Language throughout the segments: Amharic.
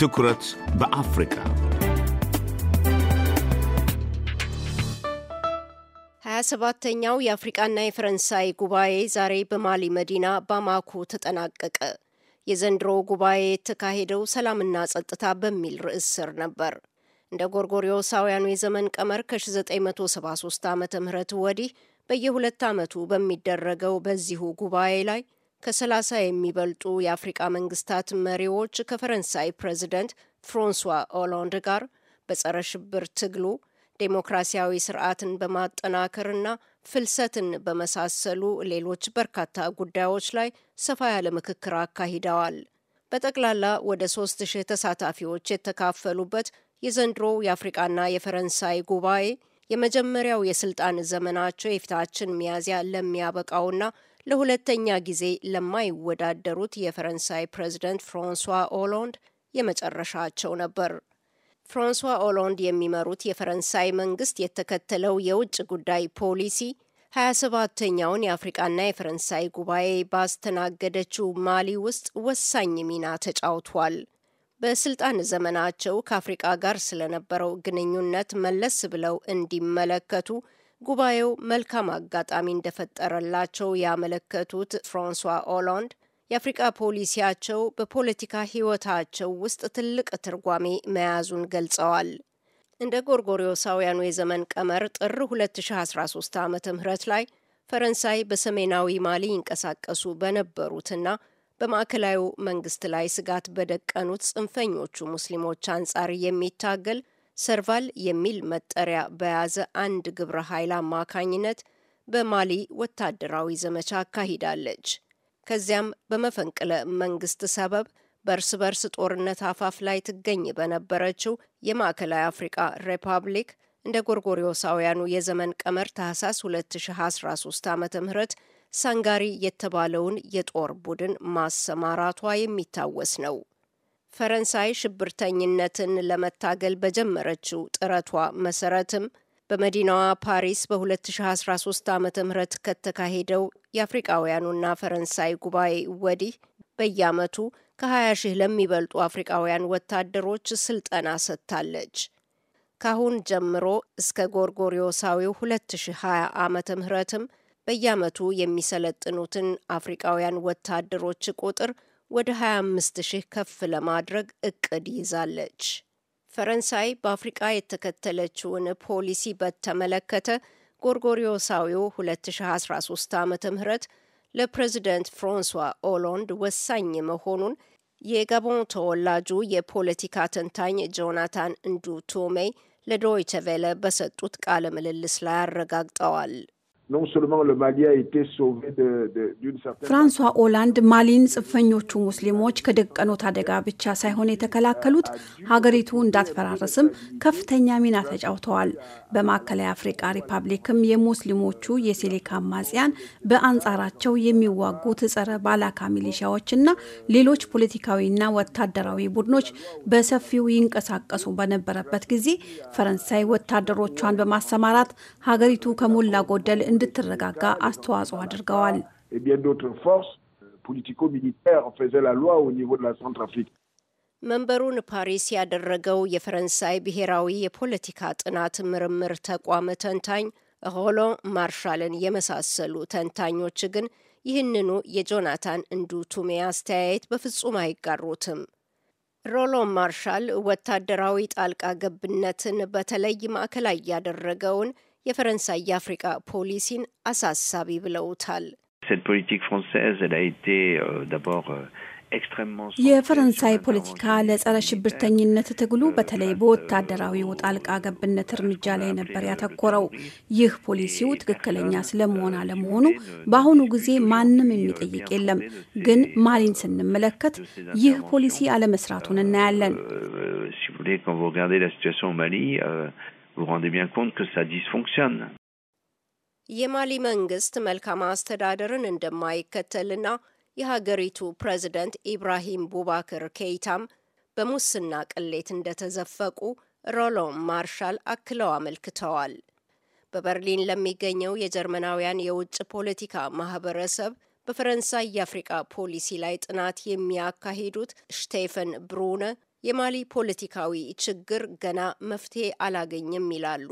ትኩረት በአፍሪካ 27ተኛው የአፍሪቃና የፈረንሳይ ጉባኤ ዛሬ በማሊ መዲና ባማኮ ተጠናቀቀ። የዘንድሮ ጉባኤ የተካሄደው ሰላምና ጸጥታ በሚል ርዕስ ስር ነበር። እንደ ጎርጎሪዮሳውያኑ የዘመን ቀመር ከ1973 ዓ ም ወዲህ በየሁለት ዓመቱ በሚደረገው በዚሁ ጉባኤ ላይ ከሰላሳ የሚበልጡ የአፍሪቃ መንግስታት መሪዎች ከፈረንሳይ ፕሬዚደንት ፍራንሷ ኦላንድ ጋር በጸረ ሽብር ትግሉ ዴሞክራሲያዊ ስርዓትን በማጠናከርና ፍልሰትን በመሳሰሉ ሌሎች በርካታ ጉዳዮች ላይ ሰፋ ያለ ምክክር አካሂደዋል። በጠቅላላ ወደ ሶስት ሺህ ተሳታፊዎች የተካፈሉበት የዘንድሮው የአፍሪቃና የፈረንሳይ ጉባኤ የመጀመሪያው የስልጣን ዘመናቸው የፊታችን ሚያዝያ ለሚያበቃውና ለሁለተኛ ጊዜ ለማይወዳደሩት የፈረንሳይ ፕሬዝደንት ፍራንሷ ኦሎንድ የመጨረሻቸው ነበር። ፍራንሷ ኦሎንድ የሚመሩት የፈረንሳይ መንግስት የተከተለው የውጭ ጉዳይ ፖሊሲ ሀያ ሰባተኛውን የአፍሪቃና የፈረንሳይ ጉባኤ ባስተናገደችው ማሊ ውስጥ ወሳኝ ሚና ተጫውቷል። በስልጣን ዘመናቸው ከአፍሪቃ ጋር ስለነበረው ግንኙነት መለስ ብለው እንዲመለከቱ ጉባኤው መልካም አጋጣሚ እንደፈጠረላቸው ያመለከቱት ፍራንሷ ኦላንድ የአፍሪቃ ፖሊሲያቸው በፖለቲካ ህይወታቸው ውስጥ ትልቅ ትርጓሜ መያዙን ገልጸዋል። እንደ ጎርጎሪዮሳውያኑ የዘመን ቀመር ጥር 2013 ዓ ም ላይ ፈረንሳይ በሰሜናዊ ማሊ ይንቀሳቀሱ በነበሩትና በማዕከላዊ መንግስት ላይ ስጋት በደቀኑት ጽንፈኞቹ ሙስሊሞች አንጻር የሚታገል ሰርቫል የሚል መጠሪያ በያዘ አንድ ግብረ ኃይል አማካኝነት በማሊ ወታደራዊ ዘመቻ አካሂዳለች። ከዚያም በመፈንቅለ መንግስት ሰበብ በእርስ በርስ ጦርነት አፋፍ ላይ ትገኝ በነበረችው የማዕከላዊ አፍሪቃ ሪፐብሊክ እንደ ጎርጎሪዮሳውያኑ የዘመን ቀመር ታህሳስ 2013 ዓ ም ሳንጋሪ የተባለውን የጦር ቡድን ማሰማራቷ የሚታወስ ነው። ፈረንሳይ ሽብርተኝነትን ለመታገል በጀመረችው ጥረቷ መሰረትም በመዲናዋ ፓሪስ በ2013 ዓ ም ከተካሄደው የአፍሪቃውያኑና ፈረንሳይ ጉባኤ ወዲህ በየአመቱ ከ20 ሺህ ለሚበልጡ አፍሪቃውያን ወታደሮች ስልጠና ሰጥታለች። ካሁን ጀምሮ እስከ ጎርጎሪዮሳዊው 2020 ዓ ምህረትም በየአመቱ የሚሰለጥኑትን አፍሪቃውያን ወታደሮች ቁጥር ወደ 25 ሺህ ከፍ ለማድረግ እቅድ ይዛለች። ፈረንሳይ በአፍሪቃ የተከተለችውን ፖሊሲ በተመለከተ ጎርጎሪዮሳዊው 2013 ዓ ም ለፕሬዚደንት ፍራንሷ ኦሎንድ ወሳኝ መሆኑን የጋቦን ተወላጁ የፖለቲካ ተንታኝ ጆናታን እንዱ ቶሜይ ለዶይቸ ቬለ በሰጡት ቃለ ምልልስ ላይ አረጋግጠዋል። non seulement ፍራንሷ ኦላንድ ማሊን ጽንፈኞቹ ሙስሊሞች ከደቀኑት አደጋ ብቻ ሳይሆን የተከላከሉት ሀገሪቱ እንዳትፈራረስም ከፍተኛ ሚና ተጫውተዋል። በማዕከላዊ አፍሪቃ ሪፐብሊክም የሙስሊሞቹ የሴሌካ አማጽያን በአንጻራቸው የሚዋጉት ጸረ ባላካ ሚሊሻዎችና ሌሎች ፖለቲካዊና ወታደራዊ ቡድኖች በሰፊው ይንቀሳቀሱ በነበረበት ጊዜ ፈረንሳይ ወታደሮቿን በማሰማራት ሀገሪቱ ከሞላ ጎደል እንድትረጋጋ አስተዋጽኦ አድርገዋል። eh euh, መንበሩን ፓሪስ ያደረገው የፈረንሳይ ብሔራዊ የፖለቲካ ጥናት ምርምር ተቋም ተንታኝ ሮሎን ማርሻልን የመሳሰሉ ተንታኞች ግን ይህንኑ የጆናታን እንዱ ቱሜ አስተያየት በፍጹም አይጋሩትም። ሮሎን ማርሻል ወታደራዊ ጣልቃ ገብነትን በተለይ ማዕከላይ ያደረገውን የፈረንሳይ የአፍሪቃ ፖሊሲን አሳሳቢ ብለውታል። euh, euh, የፈረንሳይ ፖለቲካ ለጸረ ሽብርተኝነት ትግሉ በተለይ በወታደራዊው ጣልቃ ገብነት እርምጃ ላይ ነበር ያተኮረው። ይህ ፖሊሲው ትክክለኛ ስለመሆን አለመሆኑ በአሁኑ ጊዜ ማንም የሚጠይቅ የለም። ግን ማሊን ስንመለከት ይህ ፖሊሲ አለመስራቱን euh, እናያለን። Vous rendez bien compte que ça dysfonctionne. የማሊ መንግስት መልካም አስተዳደርን እንደማይከተልና የሀገሪቱ ፕሬዝደንት ኢብራሂም ቡባክር ኬይታም በሙስና ቅሌት እንደተዘፈቁ ሮሎም ማርሻል አክለው አመልክተዋል። በበርሊን ለሚገኘው የጀርመናውያን የውጭ ፖለቲካ ማህበረሰብ በፈረንሳይ የአፍሪቃ ፖሊሲ ላይ ጥናት የሚያካሂዱት ሽቴፈን ብሩነ የማሊ ፖለቲካዊ ችግር ገና መፍትሄ አላገኝም ይላሉ።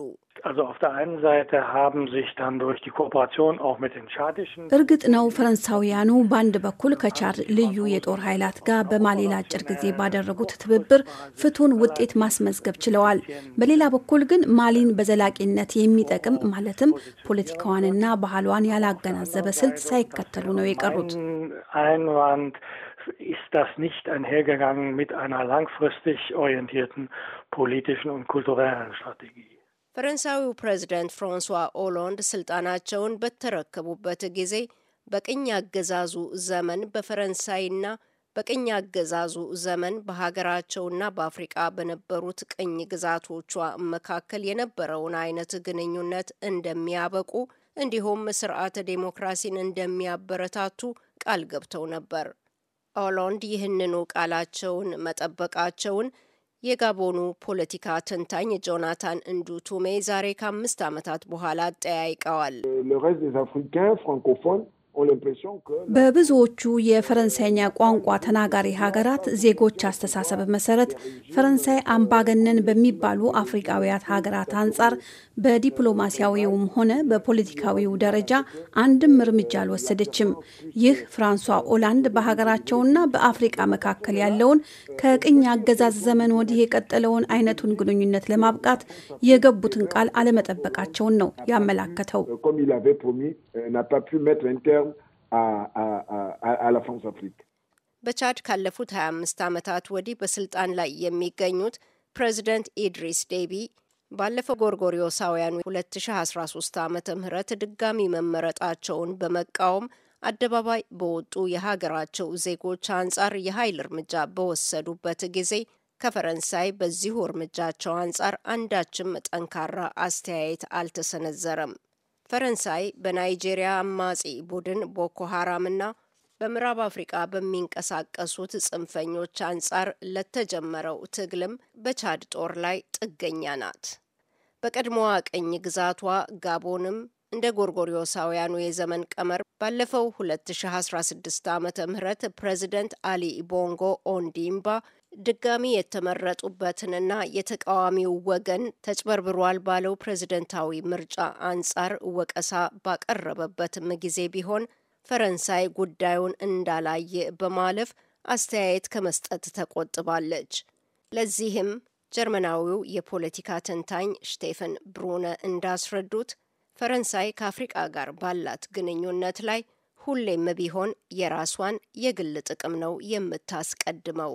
እርግጥ ነው ፈረንሳውያኑ በአንድ በኩል ከቻድ ልዩ የጦር ኃይላት ጋር በማሊ ለአጭር ጊዜ ባደረጉት ትብብር ፍቱን ውጤት ማስመዝገብ ችለዋል። በሌላ በኩል ግን ማሊን በዘላቂነት የሚጠቅም ማለትም ፖለቲካዋንና ባህሏን ያላገናዘበ ስልት ሳይከተሉ ነው የቀሩት። ist das nicht einhergegangen mit einer langfristig orientierten politischen und kulturellen Strategie. ፈረንሳዊው ፕሬዚደንት ፍራንሷ ኦሎንድ ስልጣናቸውን በተረከቡበት ጊዜ በቅኝ አገዛዙ ዘመን በፈረንሳይና በቅኝ አገዛዙ ዘመን በሀገራቸውና በአፍሪቃ በነበሩት ቅኝ ግዛቶቿ መካከል የነበረውን አይነት ግንኙነት እንደሚያበቁ እንዲሁም ስርዓተ ዴሞክራሲን እንደሚያበረታቱ ቃል ገብተው ነበር። ኦሎንድ ይህንኑ ቃላቸውን መጠበቃቸውን የጋቦኑ ፖለቲካ ተንታኝ ጆናታን እንዱቱሜ ዛሬ ከአምስት ዓመታት በኋላ ጠያይቀዋል። በብዙዎቹ የፈረንሳይኛ ቋንቋ ተናጋሪ ሀገራት ዜጎች አስተሳሰብ መሰረት ፈረንሳይ አምባገነን በሚባሉ አፍሪካውያት ሀገራት አንጻር በዲፕሎማሲያዊውም ሆነ በፖለቲካዊው ደረጃ አንድም እርምጃ አልወሰደችም። ይህ ፍራንሷ ኦላንድ በሀገራቸውና በአፍሪቃ መካከል ያለውን ከቅኝ አገዛዝ ዘመን ወዲህ የቀጠለውን አይነቱን ግንኙነት ለማብቃት የገቡትን ቃል አለመጠበቃቸውን ነው ያመላከተው። à አፍሪክ በቻድ ካለፉት 25 ዓመታት ወዲህ በስልጣን ላይ የሚገኙት ፕሬዚደንት ኢድሪስ ዴቢ ባለፈው ጎርጎሪዮሳውያኑ 2013 ዓ ምህረት ድጋሚ መመረጣቸውን በመቃወም አደባባይ በወጡ የሀገራቸው ዜጎች አንጻር የኃይል እርምጃ በወሰዱበት ጊዜ ከፈረንሳይ በዚሁ እርምጃቸው አንጻር አንዳችም ጠንካራ አስተያየት አልተሰነዘረም። ፈረንሳይ በናይጄሪያ አማጺ ቡድን ቦኮ ሀራምና በምዕራብ አፍሪቃ በሚንቀሳቀሱት ጽንፈኞች አንጻር ለተጀመረው ትግልም በቻድ ጦር ላይ ጥገኛ ናት። በቀድሞዋ ቅኝ ግዛቷ ጋቦንም እንደ ጎርጎሪዮሳውያኑ የዘመን ቀመር ባለፈው 2016 ዓ ም ፕሬዚደንት አሊ ቦንጎ ኦንዲምባ ድጋሚ የተመረጡበትንና የተቃዋሚው ወገን ተጭበርብሯል ባለው ፕሬዝደንታዊ ምርጫ አንጻር ወቀሳ ባቀረበበትም ጊዜ ቢሆን ፈረንሳይ ጉዳዩን እንዳላየ በማለፍ አስተያየት ከመስጠት ተቆጥባለች። ለዚህም ጀርመናዊው የፖለቲካ ተንታኝ ሽቴፈን ብሩነ እንዳስረዱት ፈረንሳይ ከአፍሪቃ ጋር ባላት ግንኙነት ላይ ሁሌም ቢሆን የራሷን የግል ጥቅም ነው የምታስቀድመው።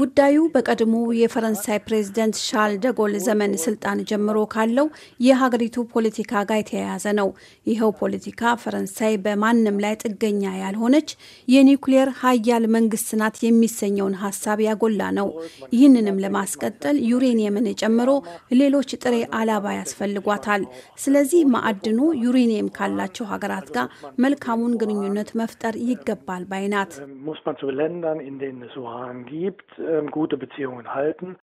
ጉዳዩ በቀድሞ የፈረንሳይ ፕሬዚደንት ሻርል ደጎል ዘመን ስልጣን ጀምሮ ካለው የሀገሪቱ ፖለቲካ ጋር የተያያዘ ነው። ይኸው ፖለቲካ ፈረንሳይ በማንም ላይ ጥገኛ ያልሆነች የኒውክሌር ሀያል መንግስት ናት የሚሰኘውን ሀሳብ ያጎላ ነው። ይህንንም ለማስቀጠል ዩሬኒየምን ጨምሮ ሌሎች ጥሬ አላባ ያስፈልጓታል። ስለዚህ ማዕድኑ ዩሬኒየም ካላቸው ሀገራት ጋር መልካሙን ግንኙነት መፍጠር ይገባል ባይናት።